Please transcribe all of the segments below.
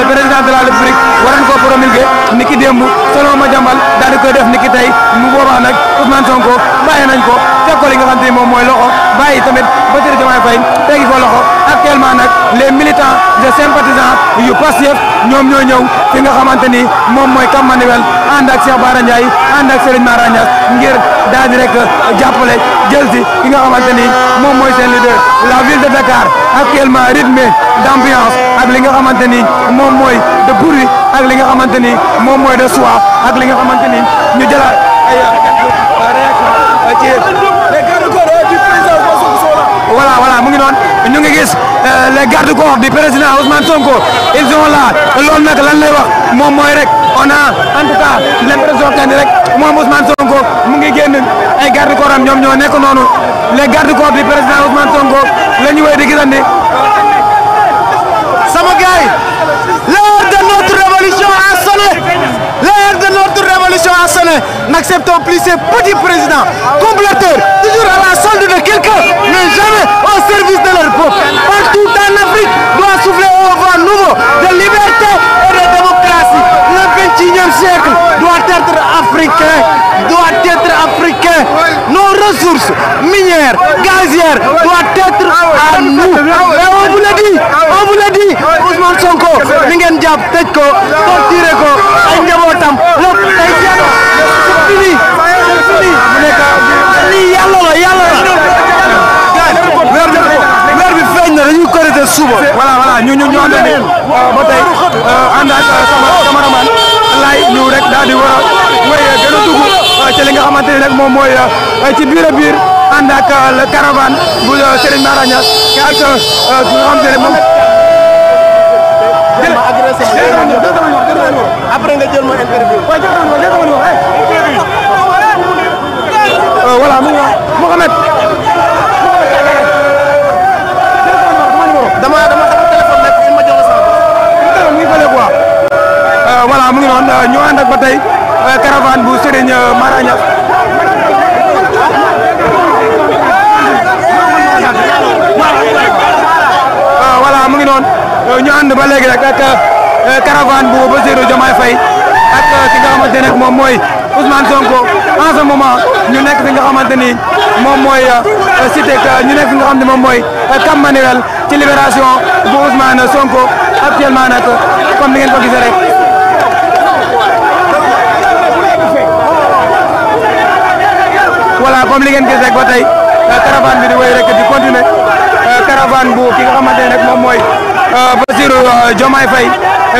le président de la République waroon ko Koura Mbilgue ni ki démb selon ma jàmbal daal di koy def ni ki tey mu boobaa nag Ousmane Sonko bàyyi nañ ko teg ko li nga xam te moom mooy loxo bàyyi tamit Bassirou Diomaye Faye tegi ko loxo actuellement nag les militants les sympathisants yu Pastef ñoom ñoo ñëw nga xamante ni moom mooy Camp Manuel ànd ak Cheikh Bara Ndiaye ànd ak Serigne Mara ngir daal rek jàppale jël si ki nga xamante ni moom mooy seen leader la ville de Dakar actuellement rythmée d'ambiance ak li nga xamante ni moom mooy ak li nga xamante ni moom mooy de soi ak li nga xamante ni ñu jëlaat ay réaction ci mu ngi noonu ñu ngi gis euh, les gardes corps du président Ousmane Sonko ils sont là loolu nag lan lay wax moom mooy rek on a en tout cas l'impression que ni rek moom mu ngi génn ay gardes corps am ñoom ñoo nekk noonu les gardes corps du président Ousmane Sonko la ñu wéy di gisandi sama gars révolution a de notre révolution a sonné n'acceptons plus ces petits présidents comploteurs toujours à la solde de quelqu'un mais jamais au service de leur peuple partout en Afrique doit souffler un vent nouveau de liberté et de démocratie le 21e siècle doit être africain nos ressources minières gazières doivent être à nous et on vous l'a dit on vous l'a dit Ousmane Sonko mi ngeen jàpp tëj ko torturé ko ay njabootam lépp tey yàlla c'est fini c'est fini lii yàlla la yàlla la bi feeñ na dañuy korité suba voilà voilà ñu ñu ñu ànd ni ba tey euh, ànd ak sama ñu rek daal di war a wéy gën a dugg euh, ci li nga xamante ni rek moom mooy euh, ci biir a biir ànd bu Serigne Mara Niass ak nga xamante ne moom ma agressé ma après nga euh, ngi wax Mouhamed. dama dama sama téléphone nekk fi ma jox mu ngi fële quoi. Euh, voilà ngi noonu ñu ànd ak euh, bu Serigne Mara Niass ñu ànd ba léegi rek ak euh, caravane bu Bassirou Diomaye Faye ak euh, ki nga xamante ne moom mooy Sonko en ce ñu nekk fi nga xamante ni moom mooy euh, ñu nekk fi nga moom mooy Cap Manuel ci libération bu Ousmane Sonko actuellement nag comme ni ngeen ko gisee rek. voilà comme li ngeen gis bi di wéy rek di continuer caravane bu ki nga xamante ne rek mooy. Euh, Bassirou euh, Diomaye Faye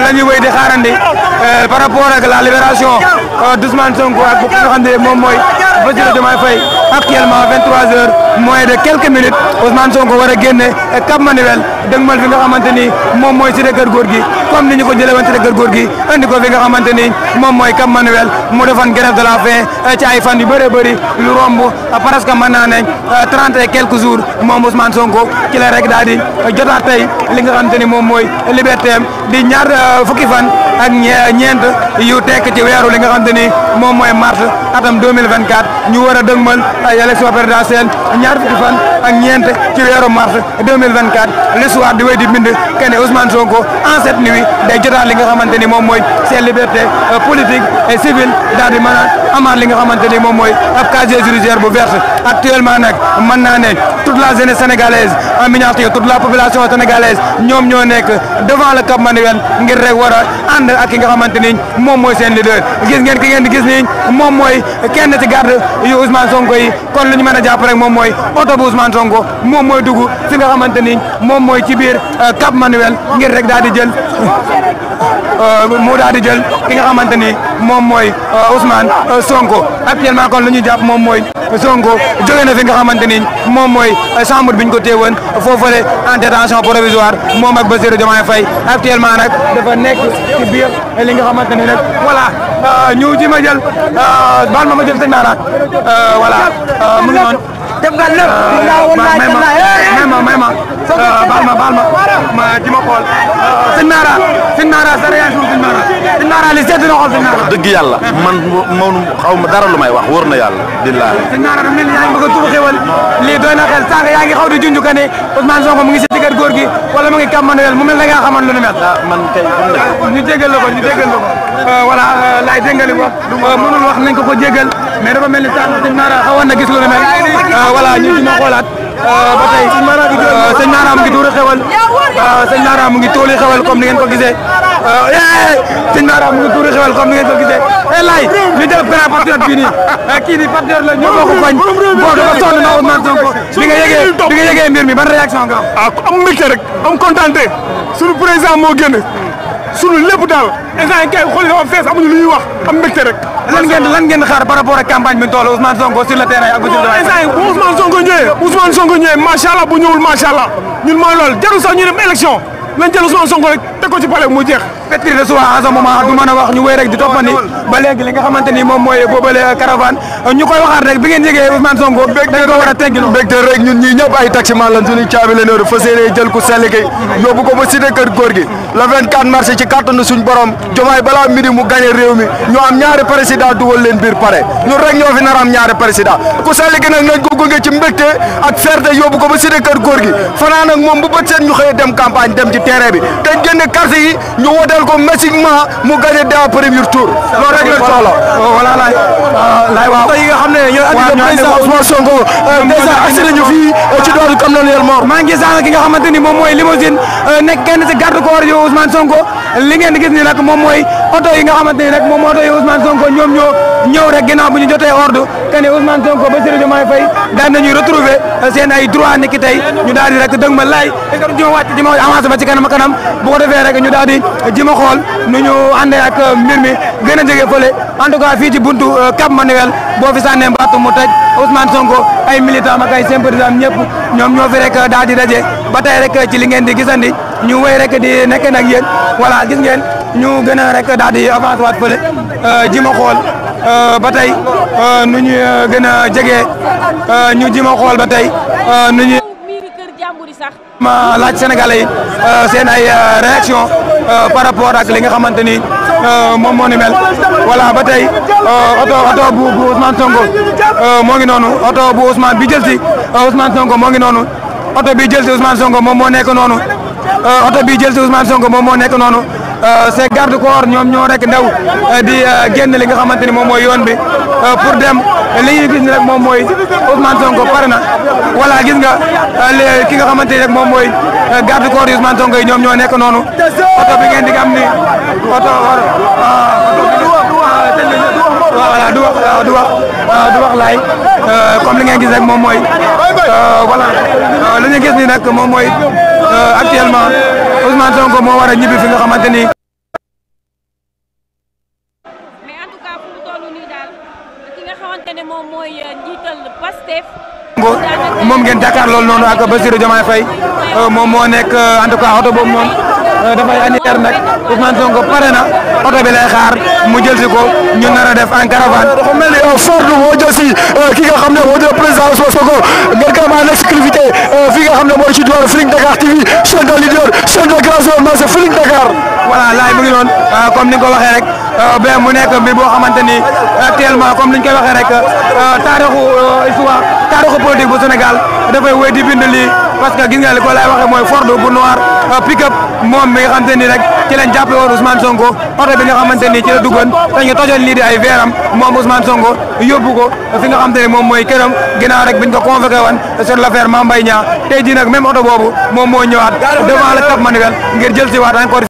la ñuy wéy di xaarandi euh, par rapport ak la libération Ah, Ousmane Sonko ak bu nga xam ne moom mooy Bassirou Diomaye Faye actuellement 23h moins de quelques minutes Ousmane Sonko war a génne Cap Manuel dëgmal fi nga xamante ni moom mooy Cité Keur Gorgui comme ni ñu ko jëlee woon Cité Keur Gorgui andi ko fi nga xamante ni moom mooy Cap Manuel mu defoon grève de la faim eh, ci fan yu bëree bëri lu romb eh, presque mën naa ne eh, trente quelques jours moom Ousmane Sonko ci rek daal di li nga xamante ni xamante ni moom mooy mars atam 2024 ñu war a dëgmal ay élection présidentielle ñaar fukki fan ak ñeent ci weeru mars 2024 di wéy di bind kene Ousmane Sonko en cette nuit day jotaat li nga xamante ni moom mooy seen liberté euh, politique et civile daal di mën amaat li nga xamante ni moom mooy ab casier judiciaire bu verte actuellement nag mën naa ne toute la jeunesse sénégalaise en miniature toute la population sénégalaise ñoom ñoo nekk devant le Cap Manuel ngir rek war a ak ki nga xamante ni moom mooy seen leader gis ngeen ki ngeen di gis ni moom mooy kenn ci garde yu Ousmane Sonko yi kon lu ñu mën a jàpp rek moom mooy oto bu Ousmane moom mooy dugg fi nga xamante ni moom mooy ci biir euh, Cap Manuel ngir rek daal di jël euh, mu daal di jël ki nga xamante ni moom mooy euh, Ousmane euh, Sonko actuellement kon lu ñu jàpp moom mooy Sonko jóge na fi nga xamante ni moom mooy euh, chambre biñ ko téewoon foofale en détention provisoire moom ak Bassirou Diomaye Faye actuellement nag dafa nekk ci biir li nga xamante ni nag voilà ñu ji ma jël baal ma ma jël sëñ Mara voilà mu ngi noonu. dem nga lépp may ma may ma may naara li sedd na xol si naara dëgg yàlla man moom xaw ma dara lu may wax wóor na yàlla billaahi si naara da mel ni yaa ngi bëgg a tuub xéwal lii doy na xel sànq yaa ngi xaw di junj ka ne Ousmane Sonko mu ngi si diggante góor gi wala mu ngi Cap Manuel mu mel na nga xaman lu nu mel ah, man kay ñu jégal la ko ñu jégal la ko euh, voilà euh, laay déngali wax euh, mënul wax nañ ko ko jégal mais dafa mel ni sànq si naara xawoon na gis lu nu mel voilà ñu dina xoolaat ba tey sëñ naara mu ngi tuuri xewal sëñ naara mu ngi tóoli xewal comme ni ngeen ko gisee waaw eh, eh sëñ Mara mu ngi tuuri xewal comme ni ngeen ko gisee eh lay ñu def grand patriote bii nii eh, kii la ñu bokk Sonko bi nga yëgee bi nga yëgee mbir mi ban réaction nga am. ah am mbégte rek am contenté suñu président moo génn suñu lépp daal instant yi kay xool dafa fees amuñu ñuy wax am mbégte rek. lan ngeen lan ngeen par rapport ak campagne bi toll Ousmane Sonko sur le terrain ak. non instant yi bu Sonko ñëwee Ousmane Sonko ñëwee macha bu ñun mooy loolu jarul sax ñu dem élection lañ jël Ousmane Sonko rek teg ci palais mu jeex pétri de soi à ce moment du mën a wax ñu wéy rek di toppandi ba léegi xamante ni moom mooy boobale caravane ñu koy waxaat rek bi ngeen yégee Ousmane Sonko dañ ko war a teggil mbégte rek ñun ñii ñëpp ay taximan lan suñu caabi la jël ku sell ki ko ba cité kër góor gi le 24 mars ci kàttanu suñ borom jomaay balaa midi gañe réew mi ñu am ñaari président dugal leen biir pare ñun rek ñoo fi nar am ñaari président ku carte yi ñu woteel ko massiquement mu gagné dans premier tour. loolu rek la soxla. Oh, voilà laay ah, laay yi nga xam ne ñooy andi ko président Ousmane Sonko dèjà agsi nañu yel moor maa ngi ki nga xamante ni moom mooy limousine euh, nekk kenn ci garde corps yu Ousmane Sonko li ngeen gis ni nag moom mooy oto yi nga xamante ni rek moom mooy oto yu Ousmane Sonko ñoom ñoo. ñëw rek ginnaaw bu ñu jotee ordre que ne Ousmane Sonko Bassirou Diomaye Faye daan nañuy retrouver seen ay droit niki tey ñu daal di rek laay di ma wàcc di ma ba ci kanam kanam bu ko defee rek ñu daal di ji ma xool nu ñu àndee ak mbir mi gën a jege fële en tout cas fii ci buntu euh, Cap Manuel boo fi sànnee mbattu mu tëj Ousmane Sonko ay militant ak ay sympathisants ñëpp ñoom ñoo fi rek daal di daje ba tey rek ci li ngeen di gisandi ñu wéy rek di nekk nag yéen voilà gis ngeen ñu gën a rek daal di avancé waat fële euh, ji ma xool Euh, ba tey euh, nu ñu euh, gën a jege ñu ji ba tey nu ñu. ma laaj Sénégalais yi seen ay réaction par rapport ak li nga xamante ni moom moo ni mel voilà ba tey oto oto bu bu Ousmane Sonko moo ngi noonu oto bu Ousmane bi jël si Ousmane Sonko moo ngi noonu oto bi jël si Ousmane Sonko moom moo nekk noonu oto bi jël si Ousmane Sonko moom moo nekk noonu. Euh, ces garde corps ñoom ñoo rek ndaw euh, di euh, génn li nga xamante ni moom mooy yoon bi pour dem li ñu gis moom mooy Ousmane Sonko na voilà gis nga ki nga xamante ni moom mooy garde corps yi Ousmane yi ñoom ñoo nekk noonu oto bi ngeen di am ni oto ah, voilà du wax lay wax li ngeen gis rek moom mooy voilà li ñu gis ni nag moom mooy actuellement. Ousmane Sonko moo war a ñibbi nga xamante moom mooy euh, ngeen jàkkaar lool noonu ak Bassirou Diomaye Faye euh, moom moo nekk euh, en tout cas moom. Euh, dafay anniversaire nag Ousmane Sonko pare na oto bi xaar mu jël si ko ñu nar a def en caravane. dafa mel ni euh, si euh, ki nga xam ne moo jël président Ousmane Sonko ngeen ko fi nga xam ne mooy ci diwaanu Feeling Dakar TV chaîne de leader chaîne de grand événement Dakar. voilà laay mu ngi noonu ni ko waxee rek benn mu nekk mbir boo xamante ni actuellement ni ñu waxee rek taarixu histoire taarixu politique bu Sénégal dafay wéy di parce que gis nga li ko lay waxee mooy Ford bu noir euh, pick-up moom mi nga xamante ni rek ci lañ jàppe woon Ousmane oto bi nga xamante ni ci la te ñu tojoon lii ay veeram moom Ousmane Sonko yóbbu ko fi nga xamante ni moom mooy këram ginnaaw rek biñ ko convoqué woon sur l'affaire Mame Mbaye Niang tey jii nag oto boobu moom moo ñëwaat devant le Cap Manuel ngir jël si waat encore